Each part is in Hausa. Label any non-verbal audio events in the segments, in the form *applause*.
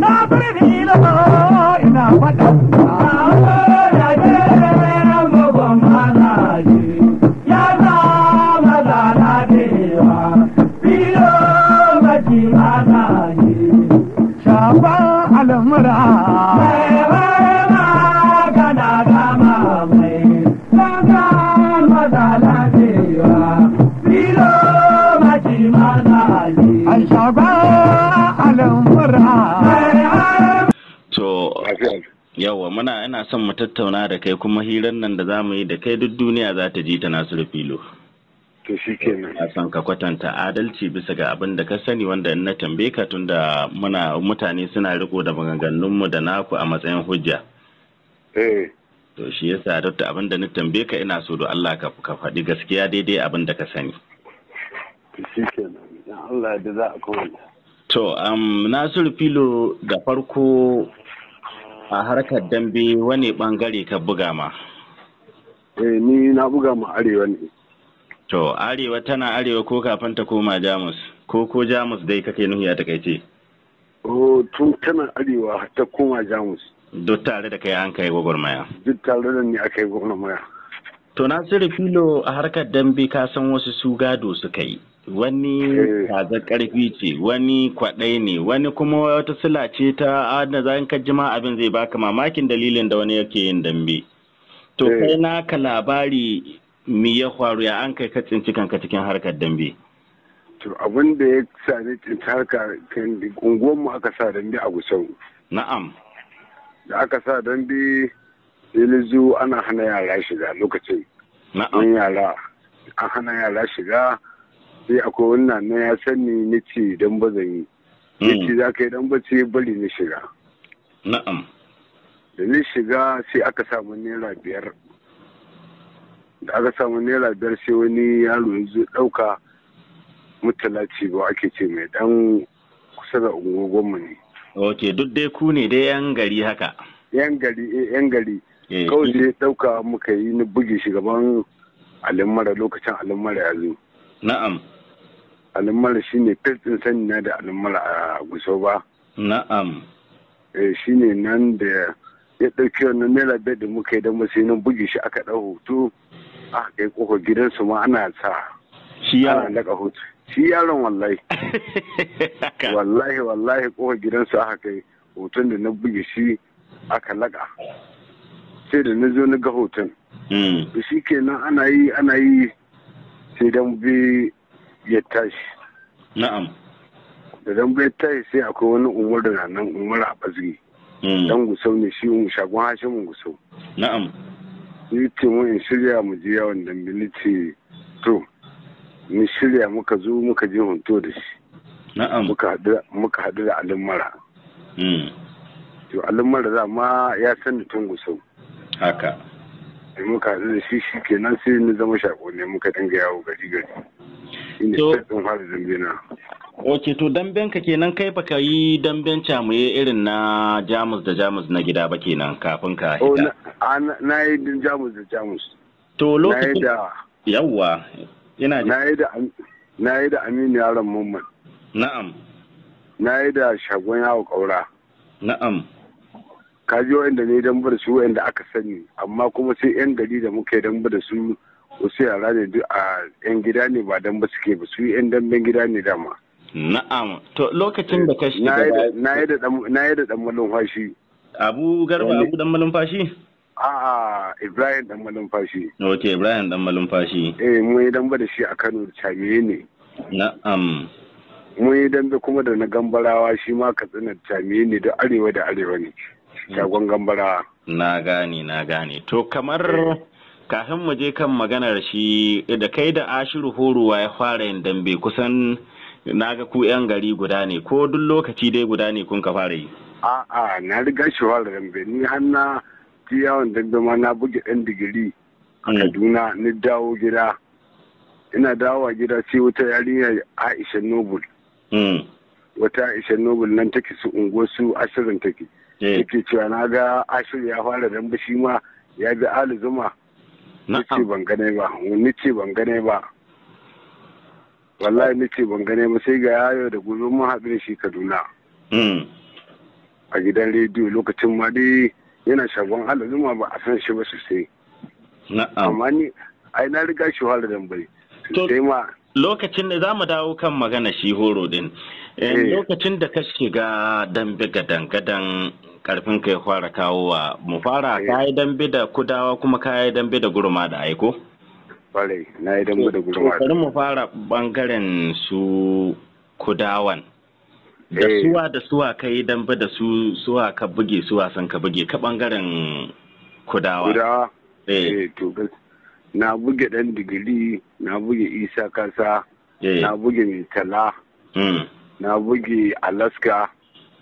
Na bar ina faɗa. Yawa muna ina son mu tattauna da kai kuma hirar nan da zamu yi da kai duk duniya za ta ji ta Nasiru Filo. To shi kenan. A san ka kwatanta adalci bisa ga abin da ka sani wanda in na tambaye ka tunda muna mutane suna riko da maganganunmu da naku a matsayin hujja. Eh. To shi yasa dokta abin da na tambaye ka ina so da Allah ka ka faɗi gaskiya daidai abin da ka sani. To shi kenan. Allah da za a kowanne. To, um, Nasiru Filo da farko a harkar dambe wani bangare ka buga ma eh ni na buga ma arewa ne to arewa tana arewa ko kafin ta koma jamus ko ko jamus dai kake nuhi a takaice oh tun tana arewa ta koma jamus duk tare da kai an kai gwagwarmaya duk tare da ni a kai gwagwarmaya to na filo a harkar dambe ka san wasu su gado suka yi wani eh. kaza karfi ce wani kwaɗai ne wani kuma wata sila ce ta adana zan ka jima abin zai baka mamakin dalilin da wani yake yin dambe to eh. kai naka labari mi ya faru ya an kai katsin cikin ka cikin harkar dambe to abin da ya sa ni tsinci harkar unguwar mu aka sa dambe a gusau na'am da aka sa dambe sai ana hana yara shiga lokacin na'am yara an hana yara shiga sai akwai wannan na ya sani ni ce don ba zan yi ya hmm. ce za ka yi dan ba ce bari na shiga na'am da ni shiga sai aka samu naira biyar da aka samu naira biyar sai wani yaro ya zo ɗauka mutala ce ba ake ce mai dan kusa da ungogonmu ne ok duk dai ku ne dai yan gari haka yan gari eh, yan gari eh, kawai sai ɗauka muka yi ni buge shugaban gaban alimara lokacin alimara ya zo na'am al'ummala shi ne filtin sani na da al'ummala a guso ba na'am eh shi ne nan da ya ɗauki wannan naira biyar da muka yi don sai nan buge shi aka ɗau hoto aka kai ƙofa gidansu ma ana sa shi yaron ana daga hoto shi yaron wallahi *laughs* wallahi wallahi ƙofa gidansu aka kai hoton da na buge shi aka laƙa sai da na zo na ga hoton. Hmm. Da shi kenan ana yi ana yi sai dan bi ya tashi na'am da dan bai tashi sai akwai wani umar da nan umar a bazgi hmm. dan gusau ne shi mu shagon hashin gusau na'am ni ce mu in shirya mu je yawon da militi to ni shirya muka zo muka je hunto da shi na'am muka haɗu da alin mara hmm. to alin mara za ma ya sani tun gusau haka muka haɗu da shi shi kenan sai ni zama shaƙo ne muka dinga yawo gari gari shine ɗin ok to damben ka kenan kai baka yi damben camuye irin na jamus da jamus na gida ba kenan kafin ka oh, hita na yi jamus da jamus to lokacin yawwa ina na yi da na yi da aminu yaron mamman na'am na yi da shagon yawo kaura na'am kaji wa'anda ne dambe da su wa'anda aka sani amma kuma sai yan gari da muke dambe da su wasu yara ne duk a yan gida ne ba dan ba suke ba su yan damben gida ne dama na'am to lokacin da ka eh, shiga na yi da dan malumfashi abu garba eh, abu dan malumfashi a'a ibrahim dan malumfashi ok ibrahim dan malumfashi eh mun yi damba da shi a kano da camiye ne na'am mun yi dambe kuma da na gambarawa shi ma katsina da camiye ne da arewa da arewa ne shagon gambarawa na gane na gane to kamar kafin mu je kan maganar shi da kai da ashiru horowa ya fara yin dambe kusan naga ku yan gari guda ne ko duk lokaci dai guda ne kun ka fara yi a'a na riga shi fara dambe ni har na ji yawon dambe ma na buge ɗan digiri a hmm. kaduna ni dawo gida ina dawowa gida sai wata yarinya aisha nobul hmm. wata aisha nobul nan take su ungo su ashirin take Yake eh. cewa na ga ashirin ya fara dambe shi ma ya bi ali zuma Na'am. ban gane ba, ni ce ban gane ba. Wallahi ni ce ban gane ba sai ga yayo da gobe mun haɗu shi Kaduna. Hmm. A gidan rediyo lokacin ma dai yana shagon alazuma ba a san shi ba sosai. Amma ni ai na riga shi wahala dan bari. Sai ma lokacin da za mu dawo kan magana shi horo din. Eh, eh. Lokacin da ka shiga dambe gadan gadan karfin ka ya fara kawo wa mu fara eh. ka yi dambe da kudawa kuma ka yi dambe da gurma da aiko kwarai na yi dambe da gurma da mu fara bangaren su kudawan da eh. suwa da suwa ka yi dambe da su suwa ka buge suwa san ka buge ka bangaren kudawa kudawa eh, eh to na buge dan digiri na buge isa kasa na buge mitala, hmm. na buge alaska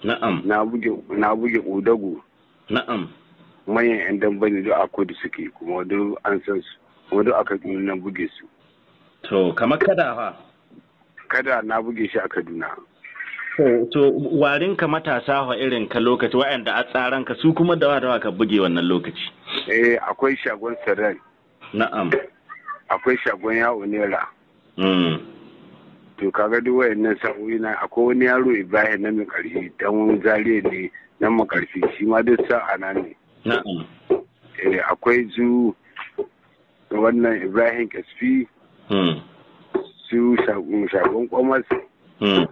Na'am. Na buge na buge Na'am. Manyan 'yan dambani ne duk a kudu suke kuma duk an san su kuma duk aka na buge su. To kamar kada fa. Kada na buge shi a Kaduna. To warin ka matasa wa irin ka lokaci wa'anda a tsaran ka su kuma dawa dawa ka buge wannan lokaci. Eh akwai shagon Saran. Na'am. Akwai shagon yawo Nera. Mm. to kaga duk wayannan sa'o'i na akwai wani yaro Ibrahim na makarfi dan zariya ne na makarfi shi ma duk sa'a na ne eh, akwai su wannan Ibrahim Kasfi hmm. su shagon kwamas hmm.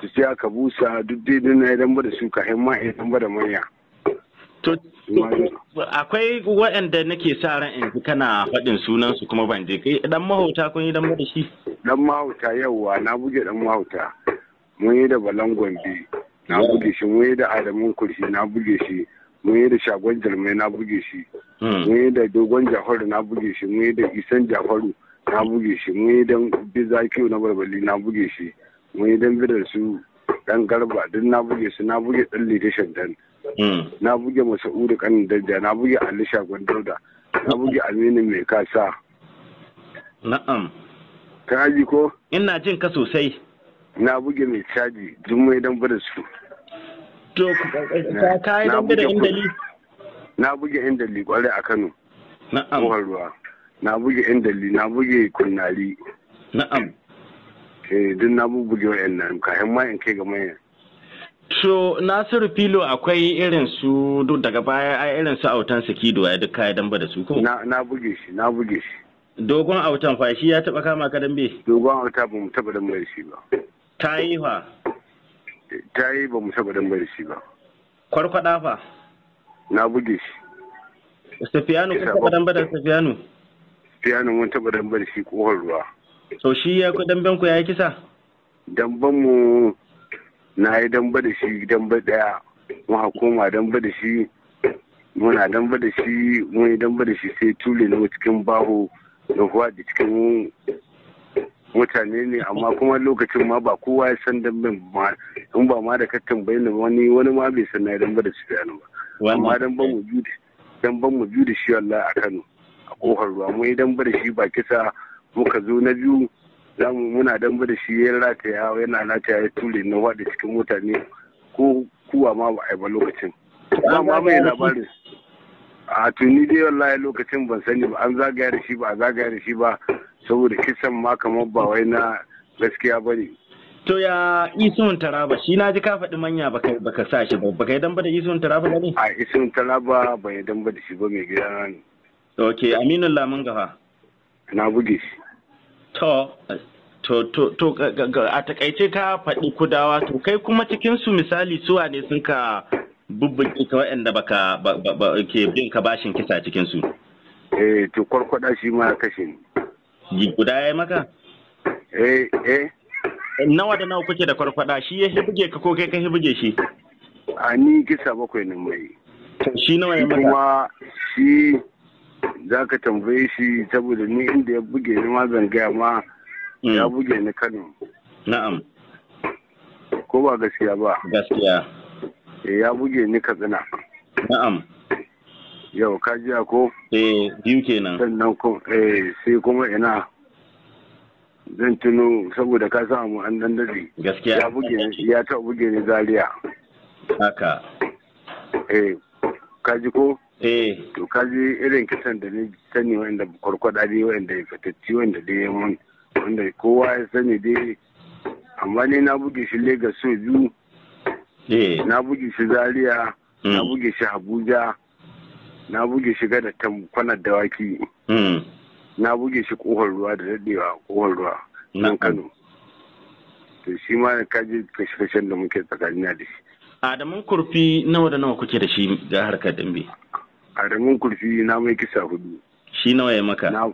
su siya aka busa duk daidai na idan bada su kayan ma idan bada manya akwai waɗanda nake sa ran in kana faɗin su kuma ban je kai dan mahauta kun yi dan da shi dan mahauta yauwa na buge dan mahauta mun yi da balan gombe na buge shi mun yi da adamin kurshi na buge shi mun yi da shagon jarmai na buge shi mun yi da dogon jafaru na buge shi mun yi da isan jafaru na buge shi mun yi dan bizakiyo na barbali na buge shi mun yi dan bidar su dan garba duk na buge su na buge dan litishan dan na buge masa'udu kanin dajja na buge alisha shagon dauda na buge aminu mai kasa na'am ji ko? Ina jin ka sosai. Na buge mai caji, jummai dan bada su. To, ka yi dan bada indali? Na buge indali kwarai a Kano. Na'am. ruwa. Na buge indali, na buge kunnari. Na'am. Eh, duk na bubuge wa'annan, ka ma in kai ga mayan. So Nasiru Filo akwai irin su duk daga baya ai irin su autan Sikido ya duk kayan damba da su ko? Na buge shi, na buge shi. dogon autan fa shi ya taba kama ka dambe dogon auta ba mu taba dambe da shi ba ta yi fa ta yi ba mu taba dambe da shi ba kwarkwada fa na buge shi Safiyanu kun taba dambe da Safiyanu Safiyanu mun taba dambe da shi kohon ruwa to shi ya ku damben ku yi kisa damben mu na yi dambe da shi dambe daya mu koma dambe da shi muna dambe da shi mun yi dambe da shi sai tule na cikin baho kuwa da cikin mutane ne amma kuma lokacin ma ba kowa ya san damben ma in ba ma da ka tambayi ni wani wani ma bai san na ba da shi yana ba amma dan ban mu biyu dan ban mu da shi wallahi a Kano a kofar ruwa mu yi ba da shi ba kisa muka zo na biyu zamu muna ba da shi ya rataya yana rataya ya ture na da cikin mutane ko kuwa ma ba a yi ba lokacin ba ma bai labarin a tuni dai wallahi lokacin ban sani ba an zagaya da shi ba a zagaya da shi ba saboda kisan ma kamar ba wai na gaskiya ba ne to ya isun taraba shi na ji ka faɗi manya baka sa shi ba baka yadda da isun taraba ba ne a isun taraba ban yadda ba da shi ba mai gida na ne ok aminu lamun gafa na buge shi to to to to a takaice ka faɗi kudawa to kai kuma cikin su misali suwa ne sun ka bubbuke ta waɗanda baka ke bin ka bashin kisa cikin su eh to kwarkwada shi ma kashe ni guda yayi maka eh eh nawa da nawa kuke da kwarkwada shi ya hibuge ka ko kai ka hibuge shi a ni kisa bakwai ne mai shi nawa ya maka kuma shi zaka tambaye shi saboda ni inda ya buge ni ma zan gaya ma ya hmm. buge ni Kano na'am ko ba gaskiya ba gaskiya Eh, ya buge ni katsina na'am yau ka jiya ko eh biyu kenan sannan ko eh sai kuma ina zan tuno saboda ka samu an dan dade gaskiya ya buge ya ta buge ni zaria haka eh ka ji ko eh to ka ji irin kisan da ni sani wanda kwarkwada dai wanda ya fitacci wanda dai ya mun wanda kowa ya sani dai amma ni na buge shi Lagos so biyu Eh. na buge shi zaria na hmm. buge shi abuja na buge shi gada ta kwanar dawaki hmm. na buge shi kohon ruwa da daɗewa kohon ruwa nan kano to shi ma na kaji kashe-kashen da muke tsakanin da shi adamun kurfi nawa da nawa kuke da shi ga harkar dambe adamun kurfi na mai kisa hudu shi nawa ya maka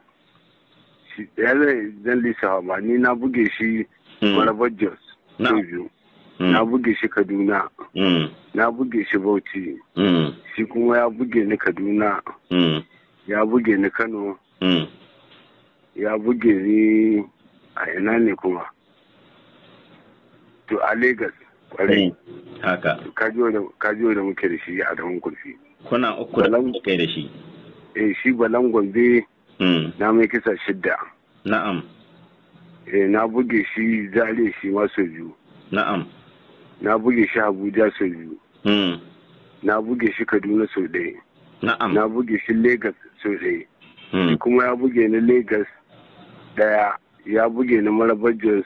ya zai zan lisa ma ni na buge shi hmm. marabar jos na biyu Mm. na buge shi kaduna mm. na buge shi bauchi mm. shi kuma ya buge ni kaduna ya buge ni kano ya buge ni a ina ne kuma to a Legas kwarai haka kajiyo da muke da shi a daman kurfi kuna uku da muke da shi eh shi balan gombe na mai kisa shidda na'am eh na buge shi zare shi maso biyu na'am na buge shi abuja sau biyu hmm. na buge shi kaduna sau ɗaya na buge shi lagos sau ɗaya hmm. kuma ya buge ni lagos ɗaya ya buge ni marabar jos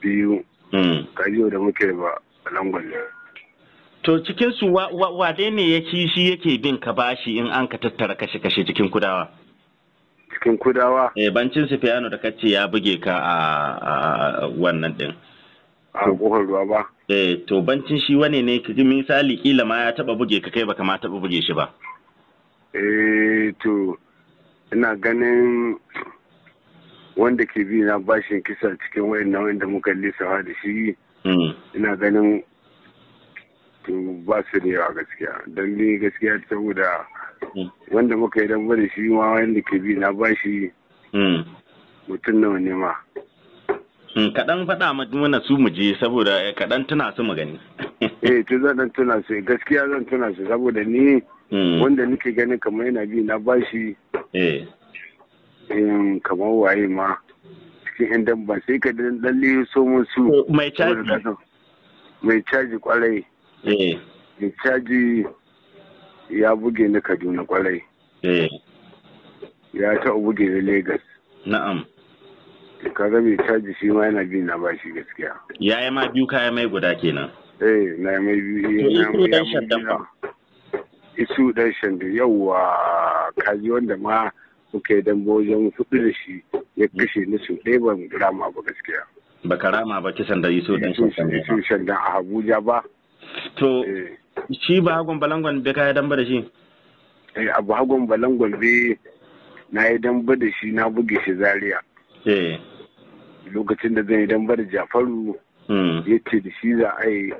biyu kaji hmm. da muke ba a langon to cikin su ne ya ci shi yake bin ka bashi in an ka tattara kashe-kashe cikin kudawa cikin kudawa eh bancin su da kace ya buge ka a wannan din alkohol kofar ruwa ba eh to bancin shi wane ne kaji misali kila ma ya taba buge ka kai baka ma taba buge shi ba eh to ina ganin wanda ke bi na bashin kisa cikin wayannan wanda muka lissafa da shi hmm. ina ganin to ba su da yawa gaskiya don ni gaskiya saboda hmm. wanda muka yi dan da shi ma wanda ke bi na bashi hmm. mutum nawa ne ma Hmm, kaɗan faɗa mana su mu je saboda eh, kaɗan tuna su mu gani *laughs* eh to zan tuna su gaskiya zan tuna su saboda ni hmm. wanda nake gani kamar yana bi na bashi eh, eh kamar waye ma cikin yan damba sai ka dan lalle so mun su oh, mai caji mai caji kwarai eh mai caji ya buge ni Kaduna kwarai eh ya ta buge ni Lagos na'am to kaga mai caji shi ma yana bin na bashi gaskiya ya yi ma biyu kaya mai guda kenan eh na mai biyu ya mai dan shaddan ba isu dan yau yawa kaji wanda ma suke yi dambo wajen hudu da shi ya kashe ni su ɗaya ban rama ba gaskiya ba ka rama ba kisan da isu dan isu ba a Abuja ba to eh. shi ba hagon balangon bai kaya ba da shi eh abu hagon balangon bai na yi dan ba da shi na buge shi zaria Eh. lokacin da zan yi dan bar jafaru hmm. ya ce da shi za a yi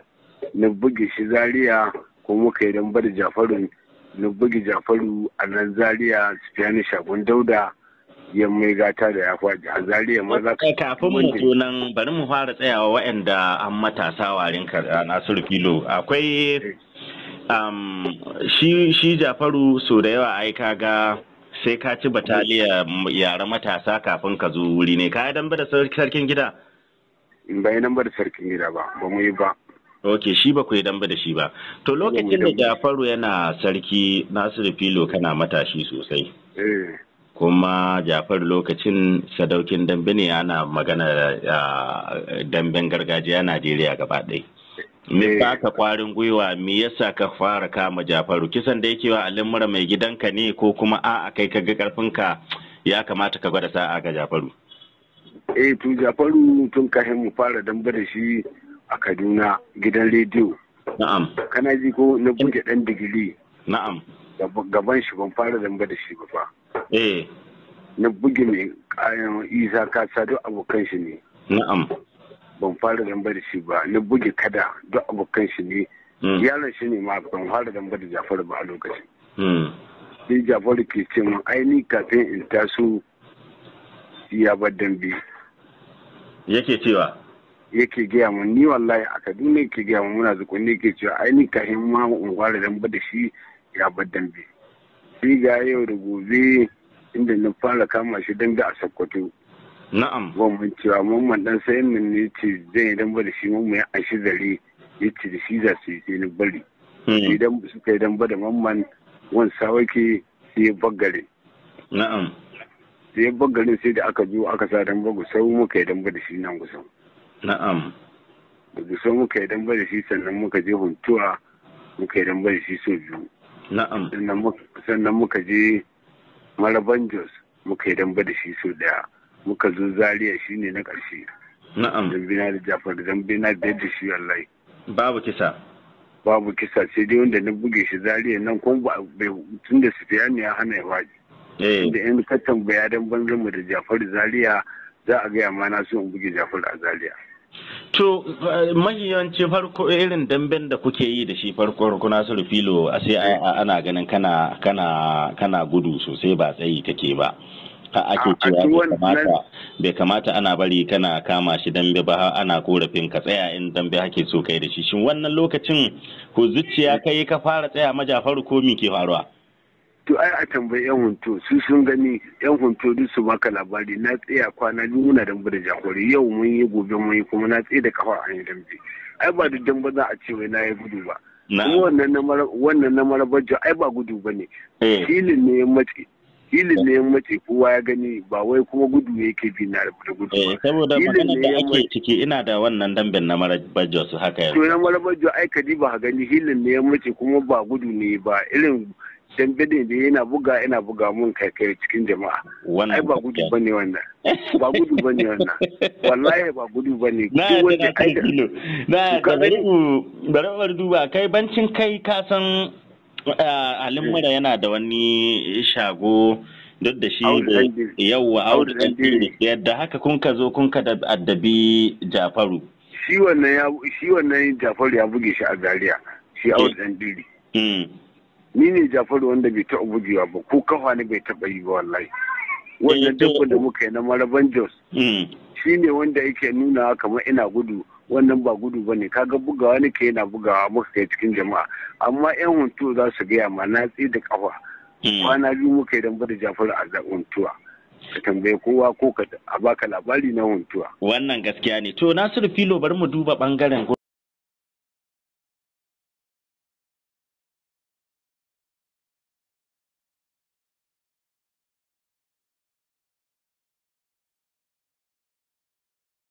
na buge shi zaria ko muka idan bar jafaru na buge jafaru a nan zariya su shagon dauda ya mai gata da ya kwaji a zariya ka kafin mu sunan bari mu fara tsayawa wa'anda an matasa warin nasiru filo akwai eh. um, shi jafaru so da yawa aika ga. sai ka ci bataliya yara matasa kafin ka zo wuri ne ka yi dambe da sarkin gida ba yi dambe da sarkin gida ba ba mu yi ba ok shi ba ku yi dambe da shi ba to lokacin da jafaru yana sarki nasiru filo kana matashi sosai eh. kuma jafaru lokacin sadaukin dambe ne ana magana ah, damben gargajiya najeriya gaba ɗaya Me baka kwarin gwiwa me yasa ka fara kama Jafaru kisan da yake wa alimura mai gidanka ne ko kuma a'a kai ka ga karfinka ya kamata ka gwada sa'a ga Jafaru. Eh to Jafaru tun kafin mu fara damba da shi a Kaduna gidan rediyo. Na'am. Kana ji ko na buge dan digiri. Na'am. Gaban shi ban fara damba da shi ba fa. Eh. Na buge mai kayan eh, isa ka sadu abokan shi ne. Na'am. ban fara zamba da shi ba na buge kada duk abokan shi ne hmm. yaron shi ne ma ban fara zamba da jafaru ba a lokacin hmm. Ni jafaru ke ce ai aini kafin in taso ya bar dambe yake cewa yake gaya mun ni wallahi a kaduna yake gaya mun muna zuku ne yake cewa aini kafin ma in fara zamba da shi ya bar dambe sai ga yau da gobe inda na fara kama shi da a sokoto na'am gwamnan cewa mamman dan sai min ne ce zan yi dan da shi mamman ya ashi zare ya ce da shi za su yi ni bari hmm. idan suka yi dan da mamman wani sawake sai ya bagare na'am sai ya bagare sai da aka zo aka sa dan bagu sai muka yi dan da shi nan gusan na'am da sai muka yi dan da shi sannan muka je huntuwa muka yi dan da shi so biyu na'am sannan muka je maraban jos muka yi dan da shi so daya muka zo zaria shine na ƙarshe na'am zambina da jafar zambina da yadda shi wallahi babu kisa babu kisa sai dai wanda na buge shi zaria nan kuma tun da ne ya hana ya faɗi eh. da yan ka tambaya don banzan mu da jafar Zaria za a gaya ma na so in buge Jafar a Zaria. To mahiyanci farko irin damben da kuke yi da shi farko kuna su filo a sai ana ganin kana kana kana gudu sosai ba tsayi kake ba. ake cewa bai kamata ana bari kana kama shi dambe ba ana korafin ka tsaya in dambe hake so kai da shi shin wannan lokacin ko zuciya kai ka fara tsaya majafaru ko ke faruwa to ai a tambayi yan hunto su sun gani yan hunto duk su baka labari na tsaya kwana biyu muna dambe da jakori yau mun yi gobe mun yi kuma na tsaye da kafa a yin dambe ai ba duk dambe za a ce wai na yi gudu ba wannan na marabajo ai ba gudu ba ne eh. filin ne ya matse hilin ne mace kowa ya gani ba wai kuma gudu ne yake bi na da gudu ba. Eh, saboda magana da ake ciki ina da wannan damben na marabajo su haka yanzu to na marabajo ai kadi ba gani hilin ne mace kuma ba gudu ne ba irin dambe ne da yana buga ina buga mun kai kai cikin jama'a ai ba gudu bane wannan ba gudu bane wannan *laughs* wallahi ba gudu bane na da kan kilo na da bari bari duba kai bancin kai ka san Eh, Alin eh. mura yana da wani shago duk da shi da yawwa yadda haka kun ka zo kun ka da addabi jafaru shi wannan jafaru ya buge shi a zaria shi audu dan eh. diri hmm. ni ne jafaru wanda bai taɓa bugewa ba ko kafa ne bai taɓa yi ba wallahi wannan dabba da muka yi na maraban jos hmm. shi ne wanda yake nuna kamar ina gudu wannan ba gudu ba ne kaga bugawa ne ka yana bugawa muka kai cikin jama'a amma yan huntu za su gaya ma na tsi da kafa hmm. kwana biyu muka yi damba da Jafar a huntuwa ka tambaye kowa ko ka a baka labari na huntuwa wannan gaskiya ne to nasiru filo bari mu duba bangaren